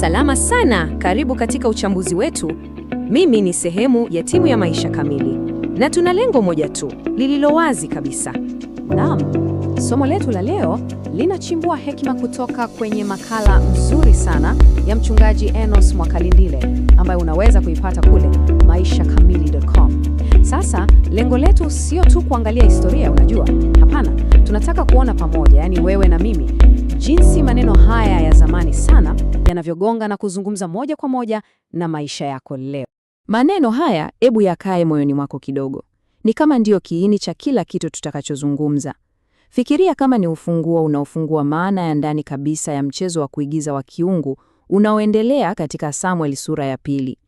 Salama sana, karibu katika uchambuzi wetu. Mimi ni sehemu ya timu ya Maisha Kamili na tuna lengo moja tu lililo wazi kabisa. Naam, somo letu la leo linachimbua hekima kutoka kwenye makala mzuri sana ya mchungaji Enos Mwakalindile ambayo unaweza kuipata kule maishakamili.com. Lengo letu sio tu kuangalia historia, unajua, hapana. Tunataka kuona pamoja, yaani wewe na mimi, jinsi maneno haya ya zamani sana yanavyogonga na kuzungumza moja kwa moja na maisha yako leo. Maneno haya hebu yakae moyoni mwako kidogo, ni kama ndio kiini cha kila kitu tutakachozungumza. Fikiria kama ni ufunguo unaofungua maana ya ndani kabisa ya mchezo wa kuigiza wa kiungu unaoendelea katika samuel sura ya pili.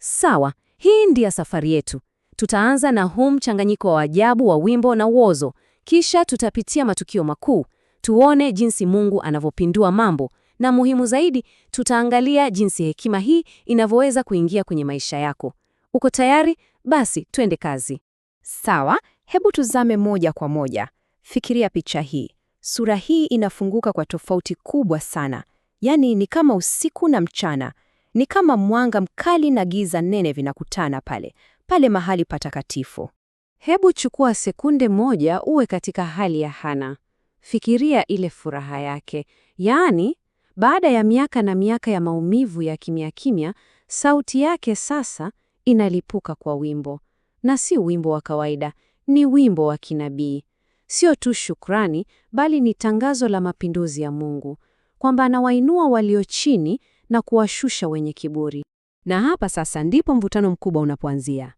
Sawa, hii ndiyo safari yetu. Tutaanza na huu mchanganyiko wa ajabu wa wimbo na uozo, kisha tutapitia matukio makuu, tuone jinsi Mungu anavyopindua mambo, na muhimu zaidi, tutaangalia jinsi hekima hii inavyoweza kuingia kwenye maisha yako. Uko tayari? Basi twende kazi. Sawa, hebu tuzame moja kwa moja. Fikiria picha hii. Sura hii inafunguka kwa tofauti kubwa sana, yaani ni kama usiku na mchana, ni kama mwanga mkali na giza nene vinakutana pale pale mahali patakatifu. Hebu chukua sekunde moja uwe katika hali ya Hana. Fikiria ile furaha yake. Yaani, baada ya miaka na miaka ya maumivu ya kimya kimya, sauti yake sasa inalipuka kwa wimbo. Na si wimbo wa kawaida, ni wimbo wa kinabii. Sio tu shukrani, bali ni tangazo la mapinduzi ya Mungu, kwamba anawainua walio chini na kuwashusha wenye kiburi. Na hapa sasa ndipo mvutano mkubwa unapoanzia.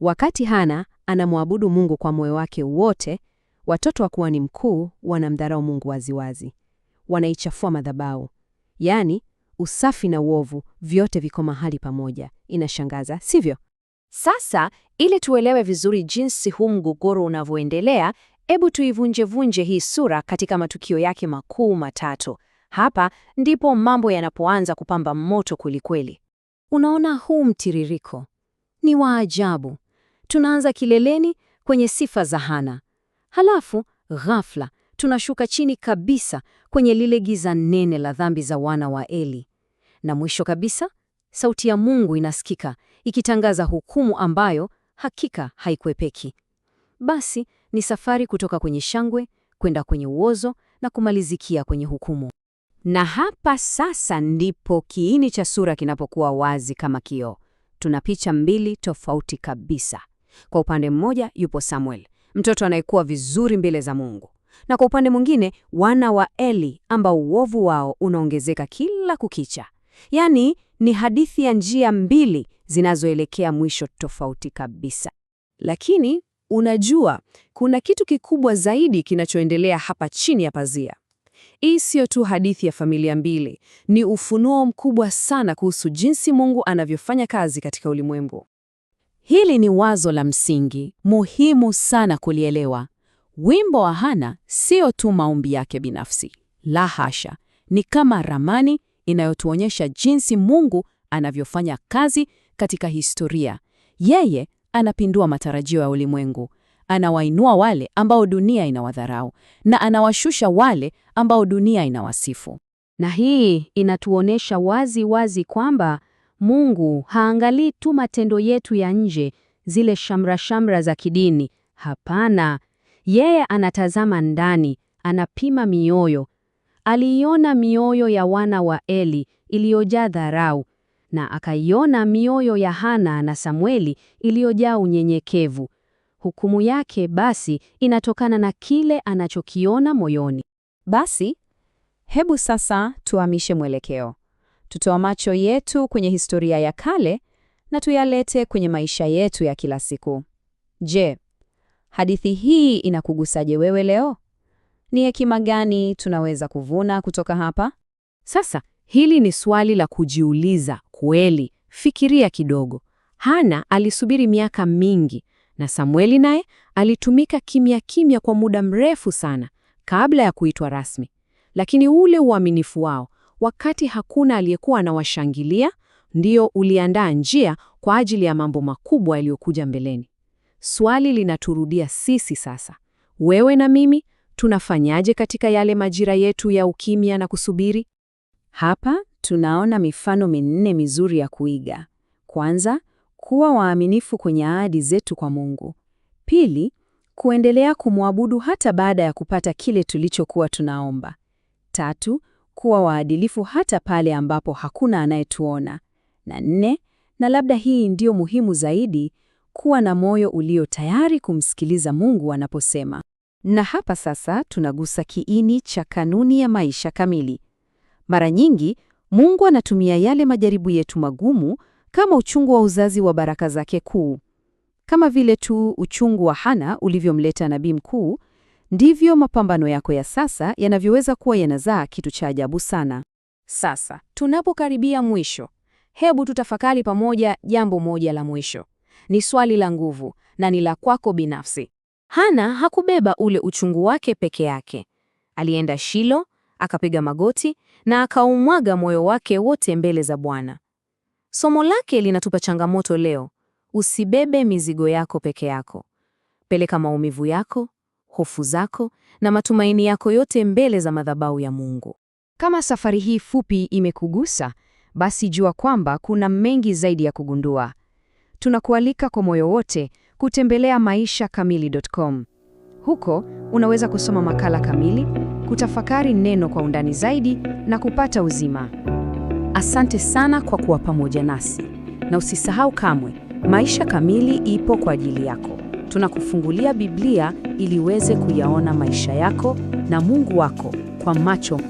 Wakati Hana anamwabudu Mungu kwa moyo wake wote, watoto wa kuhani mkuu wanamdharau Mungu waziwazi, wanaichafua madhabahu. Yaani, usafi na uovu vyote viko mahali pamoja. Inashangaza, sivyo? Sasa, ili tuelewe vizuri jinsi huu mgogoro unavyoendelea, hebu tuivunjevunje hii sura katika matukio yake makuu matatu. Hapa ndipo mambo yanapoanza kupamba moto kwelikweli. Unaona huu mtiririko ni wa ajabu. Tunaanza kileleni kwenye sifa za Hana, halafu ghafla tunashuka chini kabisa kwenye lile giza nene la dhambi za wana wa Eli, na mwisho kabisa sauti ya Mungu inasikika ikitangaza hukumu ambayo hakika haikuepeki. Basi ni safari kutoka kwenye shangwe kwenda kwenye uozo na kumalizikia kwenye hukumu. Na hapa sasa ndipo kiini cha sura kinapokuwa wazi kama kioo. Tuna picha mbili tofauti kabisa. Kwa upande mmoja yupo Samuel, mtoto anayekuwa vizuri mbele za Mungu, na kwa upande mwingine wana wa Eli ambao uovu wao unaongezeka kila kukicha. Yaani ni hadithi ya njia mbili zinazoelekea mwisho tofauti kabisa. Lakini unajua, kuna kitu kikubwa zaidi kinachoendelea hapa chini ya pazia. Hii siyo tu hadithi ya familia mbili, ni ufunuo mkubwa sana kuhusu jinsi Mungu anavyofanya kazi katika ulimwengu. Hili ni wazo la msingi muhimu sana kulielewa. Wimbo wa Hana sio tu maombi yake binafsi, la hasha. Ni kama ramani inayotuonyesha jinsi Mungu anavyofanya kazi katika historia. Yeye anapindua matarajio ya ulimwengu, anawainua wale ambao dunia inawadharau na anawashusha wale ambao dunia inawasifu. Na hii inatuonesha wazi wazi kwamba Mungu haangalii tu matendo yetu ya nje, zile shamra shamra za kidini. Hapana, yeye anatazama ndani, anapima mioyo. Aliiona mioyo ya wana wa Eli iliyojaa dharau na akaiona mioyo ya Hana na Samueli iliyojaa unyenyekevu. Hukumu yake basi inatokana na kile anachokiona moyoni. Basi hebu sasa tuhamishe mwelekeo. Tutoa macho yetu kwenye historia ya kale na tuyalete kwenye maisha yetu ya kila siku. Je, hadithi hii inakugusaje wewe leo? Ni hekima gani tunaweza kuvuna kutoka hapa? Sasa hili ni swali la kujiuliza kweli. Fikiria kidogo. Hana alisubiri miaka mingi na Samueli naye alitumika kimya kimya kwa muda mrefu sana kabla ya kuitwa rasmi, lakini ule uaminifu wao wakati hakuna aliyekuwa anawashangilia, ndio uliandaa njia kwa ajili ya mambo makubwa yaliyokuja mbeleni. Swali linaturudia sisi sasa, wewe na mimi, tunafanyaje katika yale majira yetu ya ukimya na kusubiri? Hapa tunaona mifano minne mizuri ya kuiga. Kwanza, kuwa waaminifu kwenye ahadi zetu kwa Mungu. Pili, kuendelea kumwabudu hata baada ya kupata kile tulichokuwa tunaomba. Tatu, kuwa waadilifu hata pale ambapo hakuna anayetuona. Na nne, na labda hii ndiyo muhimu zaidi, kuwa na moyo ulio tayari kumsikiliza Mungu anaposema. Na hapa sasa tunagusa kiini cha kanuni ya maisha kamili. Mara nyingi Mungu anatumia yale majaribu yetu magumu kama uchungu wa uzazi wa baraka zake kuu, kama vile tu uchungu wa Hana ulivyomleta nabii mkuu Ndivyo mapambano yako ya sasa yanavyoweza kuwa yanazaa kitu cha ajabu sana. Sasa tunapokaribia mwisho, hebu tutafakari pamoja jambo moja la mwisho. Ni swali la nguvu na ni la kwako binafsi. Hana hakubeba ule uchungu wake peke yake. Alienda Shilo, akapiga magoti na akaumwaga moyo wake wote mbele za Bwana. Somo lake linatupa changamoto leo: usibebe mizigo yako peke yako, peleka maumivu yako hofu zako na matumaini yako yote mbele za madhabahu ya Mungu. Kama safari hii fupi imekugusa, basi jua kwamba kuna mengi zaidi ya kugundua. Tunakualika kwa moyo wote kutembelea maishakamili.com. Huko unaweza kusoma makala kamili, kutafakari neno kwa undani zaidi na kupata uzima. Asante sana kwa kuwa pamoja nasi, na usisahau kamwe, Maisha Kamili ipo kwa ajili yako. Tunakufungulia Biblia ili uweze kuyaona maisha yako na Mungu wako kwa macho